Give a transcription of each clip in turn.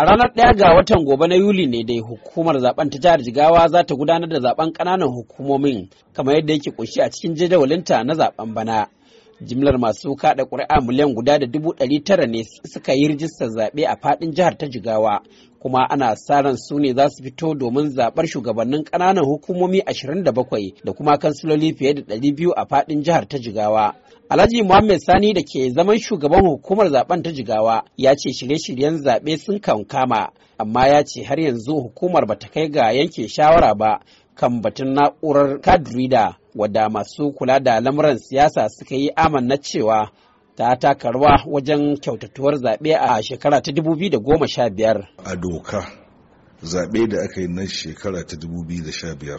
A ranar ɗaya ga watan gobe na Yuli ne dai hukumar zaben ta jihar Jigawa za ta gudanar da zaben ƙananan hukumomin kamar yadda yake ƙunshi a cikin jadawalinta na zaben bana. Jimlar masu kaɗa ƙuri'a miliyan guda da dubu ɗari tara ne suka yi rijistar zaɓe a faɗin jihar ta Jigawa, kuma ana sa su ne za su fito domin zaɓar shugabannin ƙananan hukumomi ashirin da bakwai da kuma kansiloli fiye da ɗari biyu a faɗin jihar ta Jigawa. Alhaji Muhammad Sani da ke zaman shugaban hukumar zaben ta Jigawa ya ce shirye-shiryen zaɓe sun kan kama amma ya ce har yanzu hukumar ba ta kai ga yanke shawara ba kan batun na'urar kadrida wadda masu kula da lamuran siyasa suka yi amanna cewa ta taka rawa wajen kyautatuwar zaɓe a shekara ta 2015. A doka zaɓe da aka yi na shekara ta 2015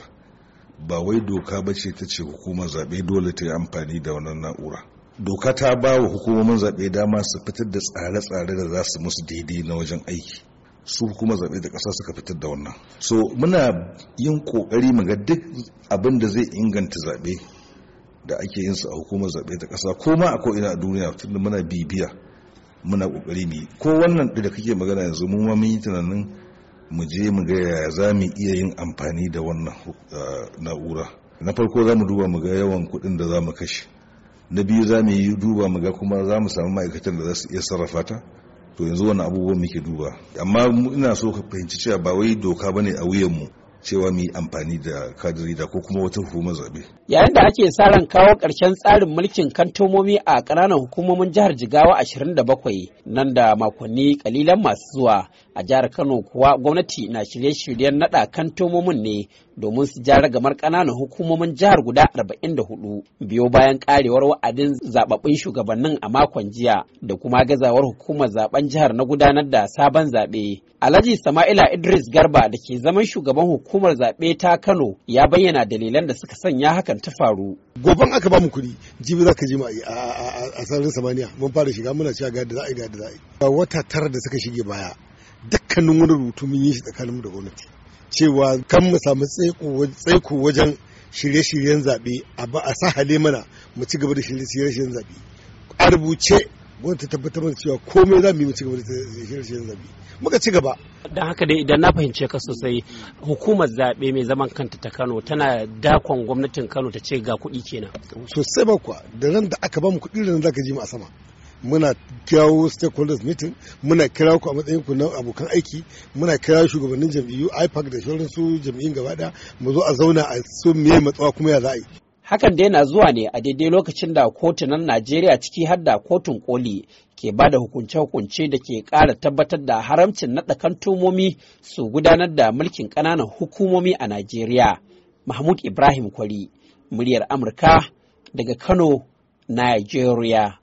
ba wai doka ba ce ta ce hukumar zaɓe dole ta yi amfani da wannan na'ura doka ta ba wa hukumomin zaɓe dama su fitar da tsare-tsare da za su musu daidai na wajen aiki su hukumar zaɓe da ƙasa suka fitar da wannan so muna yin ƙoƙari mu ga duk abin da zai inganta zaɓe da ake yin su a hukumar zaɓe da ƙasa ko ma a ko'ina a duniya tunda muna bibiya muna ƙoƙari mu yi ko wannan da kake magana yanzu mu ma mun yi tunanin mu je mu ga yaya za mu iya yin amfani da wannan uh, na'ura na farko za mu duba mu ga yawan kuɗin da za mu kashe na biyu za mu yi duba mu ga kuma za mu samu ma'aikatan da za su iya sarrafa ta to yanzu wani abubuwan muke duba amma ina so ka fahimci cewa ba wai doka bane a wuyan mu. cewa mu yi amfani da kadiri da ko kuma wata hukumar zabe Yayin da ake sa ran kawo ƙarshen tsarin mulkin kantomomi a ƙananan hukumomin jihar Jigawa da bakwai nan da makonni kalilan masu zuwa a jihar Kano kuwa gwamnati na shirye-shiryen naɗa kantomomin ne domin su jara gamar ƙananan hukumomin jihar guda 44 biyo bayan karewar wa'adin zababbun shugabannin a makon jiya da kuma gazawar hukumar zaben jihar na gudanar da sabon zaɓe. Alhaji Sama'ila Idris Garba da ke zaman shugaban hukumar zaɓe ta Kano ya bayyana dalilan da suka sanya hakan ta faru. Goban aka ba mu kuɗi, jibi za ka ji a sararin samaniya mun fara shiga muna cewa ga da za a yi ga da za a yi. Wata tara da suka shige baya dukkanin wani rubutu mun yi shi tsakaninmu da gwamnati. cewa kan mu samu tsaiko wajen shirye-shiryen zaɓe a sahale mana mu ci gaba da shirye-shiryen zaɓe a rubuce wanda ta tabbatar da cewa komai za mu yi mu ci gaba da shirye-shiryen zaɓe muka ci gaba Dan haka dai idan na fahimce ka sosai hukumar zaɓe mai zaman kanta ta Kano tana dakon gwamnatin Kano ta ce ga kuɗi kenan sosai ba kuwa da ran da aka ba mu kuɗi ran za ka ji mu a sama muna kirawo stakeholders meeting muna kira ku a matsayin ku na abokan aiki muna kira shugabannin jam'iyyu ipac da sauran su jam'iyyun gaba daya mu zo a zauna a so meye matsawa kuma ya za a yi hakan dai na zuwa ne a daidai lokacin da kotunan najeriya ciki har da kotun koli ke ba da hukunce-hukunce da ke kara tabbatar da haramcin naɗa kantomomi su gudanar da mulkin ƙananan hukumomi a najeriya mahmud ibrahim kwari muryar amurka daga kano nigeria